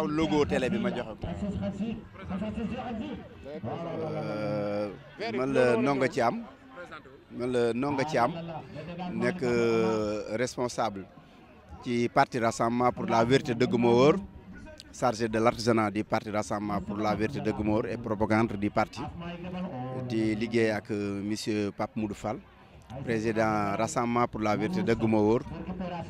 le logo télé bi ma joxe euh, euh, responsable ci parti rassemblement pour la vérité de moo chargé de l'artisanat du parti rassemblement pour la vérité de moo et propagande du parti di à avec euh, monsieur Pape Moudou Fall président rassemblement pour la vérité de moo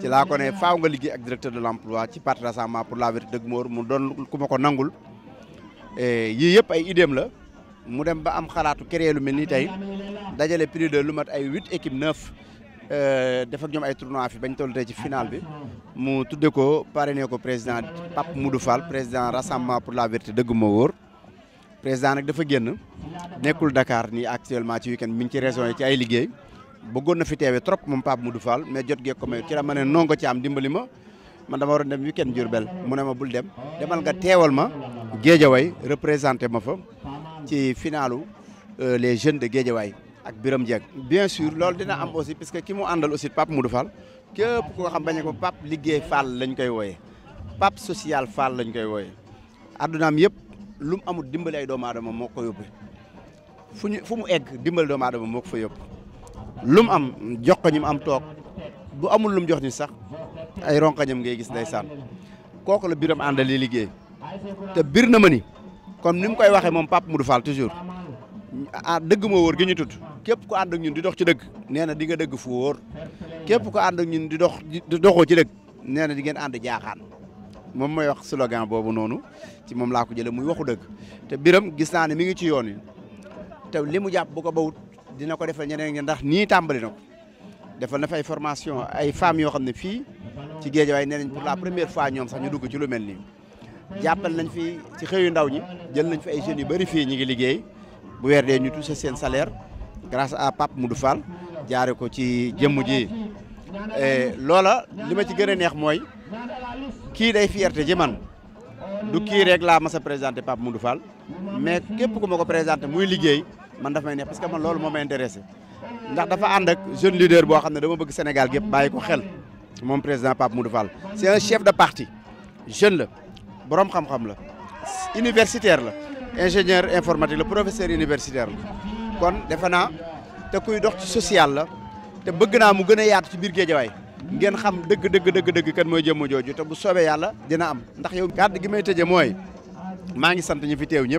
ci laa ko ne faaw nga liggéey ak directeur de l' emploi ci parti rassemblement pour la vérité dëgg moor mu doon ku ma ko nangul yii yëpp ay idéem la mu dem ba am xalaatu créer lu mel ni tey dajale plus de lu mat ay huit équipe neuf euh, def ak ñoom ay tournoi fi bañ toll tey ci final bi mu tudde ko parrainé ko président Pape Moudou Fall président rassemblement pour la vérité dëgg moo wóor président nag dafa génn nekkul Dakar nii actuellement ci week-end mi ngi ci région yi ci ay liggéey bëggoon na fi teewee trop moom Pape Moudou Fall mais jot gee ko may ci la ma ne noo ci am dimbali ma man dama waroon dem week Diourbel ma bul dem demal finalu euh, les jeunes de Guédiawaye ak Biram bien sûr je dina am aussi parce que ki mu àndal aussi Pape Moudou Fall képp koo xam bañ ko Pape liggéey Fall lañ Pape social Fall lañ koy wooyee addunaam yëpp lu amul dimbali ay doomu egg lum am jox am toog bu amul lum jox ni sax ay ronkañam ngay gis ndeysaan kooku la biram àndal li liggéey te bir na ma ni comme ni mu koy waxee moom Pape Modou Fall toujours ah dëgg moo wóor gi ñu tudd képp ku ànd ak ñun di dox ci dëgg nee na di nga dëgg fu wóor képp ku ànd ak ñun di dox di doxoo ci dëgg nee na di ngeen ànd jaaxaan moom mooy wax slogan boobu noonu ci moom laa ko jëlee muy waxu dëgg te biram gis naa ne mi ngi ci yoon te limu mu jàpp bu ko bawut dina ko defal ñeneen ñi ndax ni tàmbali na defal na fay formation ay femmes yo xam fi ci Guédiawaye way nañ pour la première fois ñom sax ñu dugg ci lu melni nii. nañ fi ci xëyu ndaw ñi jël nañ fi ay jeunes yu bari fi ñi ngi liggéey bu weer dee ñu touché sen salaire grâce à Pape Moudou Fall jaare ko ci jëm ji loola li ma ci gëna neex moy ki day fierté ji man du ki rek la mas a présenté Pape Moudou Fall mais képp ku mako présenter muy liggéey man daf may parce que man intéressé ndax dafa ak jeune leader bo Sénégal qui est xel Mon président Pape Moudou Fall c'est un chef de parti jeune borom universitaire ingénieur informatique le professeur universitaire kon docteur té kuy dox ci social la té bëgg un mu gëna a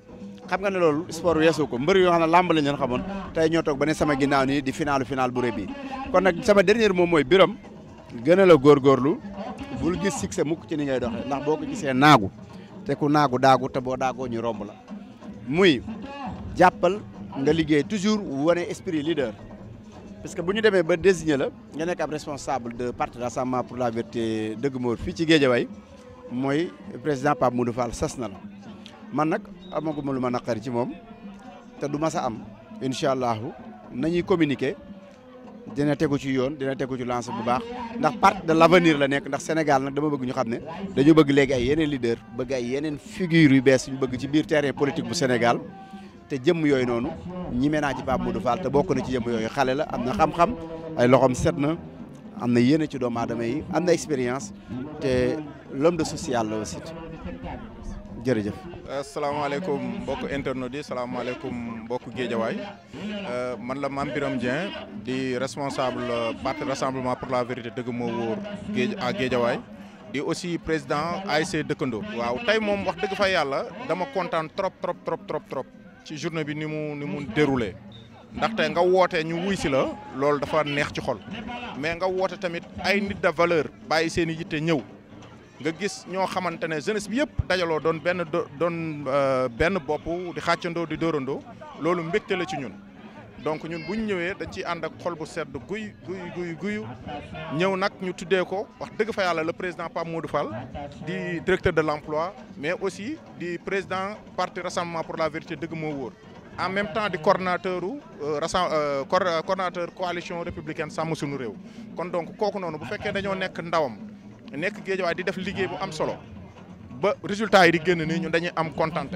xam nga ne loolu sport weesu ko mbër yoo xam ne làmb lañ leen xamoon tey ñoo toog ba ne sama ginnaaw nii di finalu final bu bi kon nag sama dernier moom mooy biram gën a la góorgóorlu bul gis succès mukk ci ni ngay doxee ndax boo ko gisee naagu te ku naagu daagu te boo daagoo ñu romb la muy jàppal nga liggéey toujours wane esprit leader parce que bu ñu demee ba désigné la nga nekk ab responsable de parti rassemblement pour la vérité dëgg moor fii ci Guédiawaye mooy président Pape Moudou Fall sas na la amaguma lu ma naqari ci moom te du mas a am incha allahu nañuy communiquer dina tegu ci yoon dina tegu ci lance bu baax ndax part de l' avenir la nekk ndax Sénégal nag dama bëgg ñu xam ne dañu bëgg léegi ay yeneen leader bëgg ay yeneen figure yu bees ñu bëgg ci biir terrain politique bu Sénégal te jëmm yooyu noonu ñime naa ci Pape Modou Fall te bokk na ci jëmm yooyu xale la am na xam-xam ay loxoom set na am na yéene ci doomu aadama yi am na expérience te l'homme de social la aussi jërëjëf. Euh, salaamaaleykum mbokku internet yi salaamaaleykum mbokku géejawaay euh, man la Mame Birame Dieng di responsable euh, parti rassemblement pour la vérité dëgg moo wóor géej à géejawaay di aussi président ay ASC dëkkandoo. waaw tey moom wax dëgg fa yàlla dama kontaan trop trop trop trop trop ci journée bi ni mu ni mu déroulé. ndaxte nga wootee ñu wuy si la loolu dafa neex ci xol mais nga woote tamit ay nit de valeur bàyyi seen i yitte ñëw. nga gis ñoo xamantene jeunesse bi yëpp dajaloo doon benn doon euh, benn bopp di xàccandoo di dóorandoo loolu mbégte la ci ñun donc ñun bu ñu ñëwee dañ ciy ànd ak xol bu sedd guy guy guy guyu ñëw nag ñu tuddee ko wax dëgg fa yàlla le président Pape Modou Fall di directeur de l'emploi mais aussi di président parti rassemblement pour la vérité dëgg moo wóor en même temps di coordonnateur u euh, euh, coordonnateur coalition républicaine sàmm suñu réew kon donc kooku noonu bu fekkee dañoo nekk ndawam nekk géejawaay di def liggéey bu am solo ba résultat yi di génn nii ñun dañuy am kontante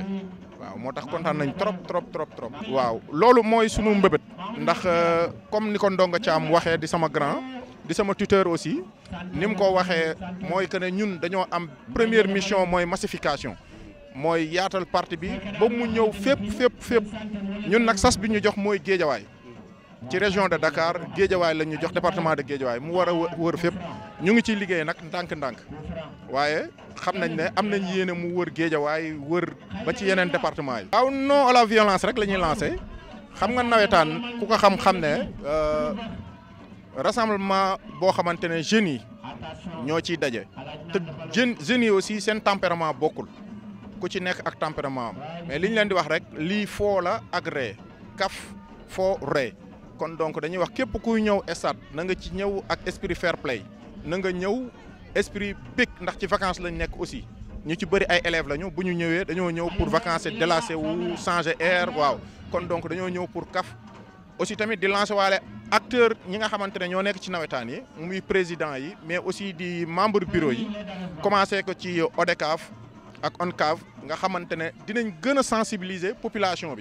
waaw moo tax kontaan nañ trop trop trop trop. waaw loolu mooy sunu mbébét. ndax euh, comme ni ko Ndonga am waxee di sama grand di sama tuteur aussi ni mu ko waxee mooy que ne ñun dañoo am première mission mooy massification. mooy yaatal parti bi ba mu ñëw fépp fépp fépp ñun nag sas bi ñu jox mooy géejawaay. ci région de Dakar Géejawaay la ñu jox département de Géejawaay mu war a wër fépp ñu ngi ciy liggéey nag ndànk-ndànk waaye xam nañ ne am nañ yéene mu wër Géejawaay wër ba ci yeneen département yi. waaw non à la violence rek la ñuy lancé xam nga nawetaan ku ko xam-xam ne euh, rassemblement boo xamante ne jeunes yi ñoo ciy daje te jeunes yi aussi seen tempérament bokkul ku ci nekk ak tempérament am mais liñ leen di wax rek lii foo la ak ree kaf foo ree. kon donc dañuy wax képp kuy ñëw na nga ci play na nga ñëw esprit big ndax vacances aussi ñu ci élèves lañu bu ñu ñëwee ñëw pour vacances ou wu changer air waaw kon donc dañoo ñëw pour kaf aussi tamit di lancer waale acteur ñi nga xamante ne président mais aussi di membre bureau yi commencé ko ci ODECAF ak Oncaf. nga xamante ne dinañ gën sensibiliser population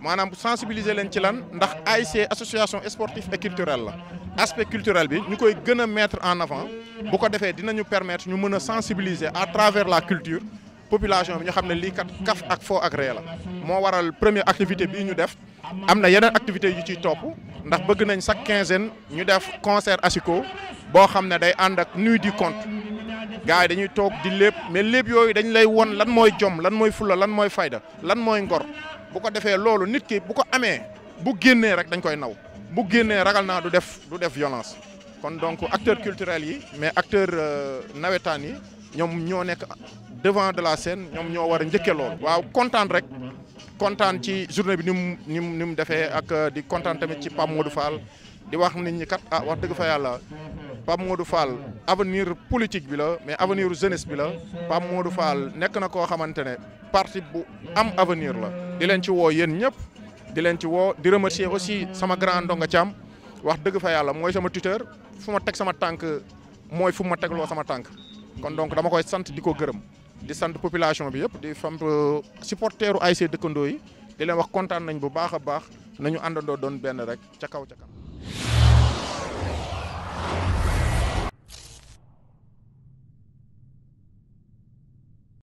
maanaam sensibiliser len ci lan ndax AIC association sportive et culturelle aspect culturel bi ñu koy mettre en avant bu ko défé dinañu permettre ñu mëna sensibiliser à travers la culture population bi ñu xamné li kat kaf ak fo ak ree mo waral première activité bi ñu def amna na yeneen activités yu ci top ndax bëgg nañ chaque quinzaine ñu def concert asiko bo xamné day ànd ak nuit du conte gaay dañuy tok di lepp mais lepp yooyu dañ lay won lan moy jom lan moy fulla lan moy fayda lan moy ngor bu ko nit ki bu ko Les bu rek dañ koy naw bu ragal du violence kon donc acteurs culturels yi mais acteurs euh, nawétan yi ñom devant de la scène ñom ño wara a de waaw rek ci journée bi de ak euh, di kontaan tamit ci pam Modou Fall di wax politique bi la mais avenir jeunesse bi la na parti bu am avenir la di leen ci woo yéen ñëpp di leen ci woo di remercier aussi sama grand Ndonga Thiam wax dëgg fa yàlla mooy sama tuteur fu ma teg sama tànk mooy fu ma tegloo sama tànk kon donc dama koy sant di ko gërëm di sant population bi yëpp di fam euh, supporteru ASC dëkkandoo yi di leen wax kontaan nañ bu baax a baax nañu àndandoo doon benn rek ca kaw ca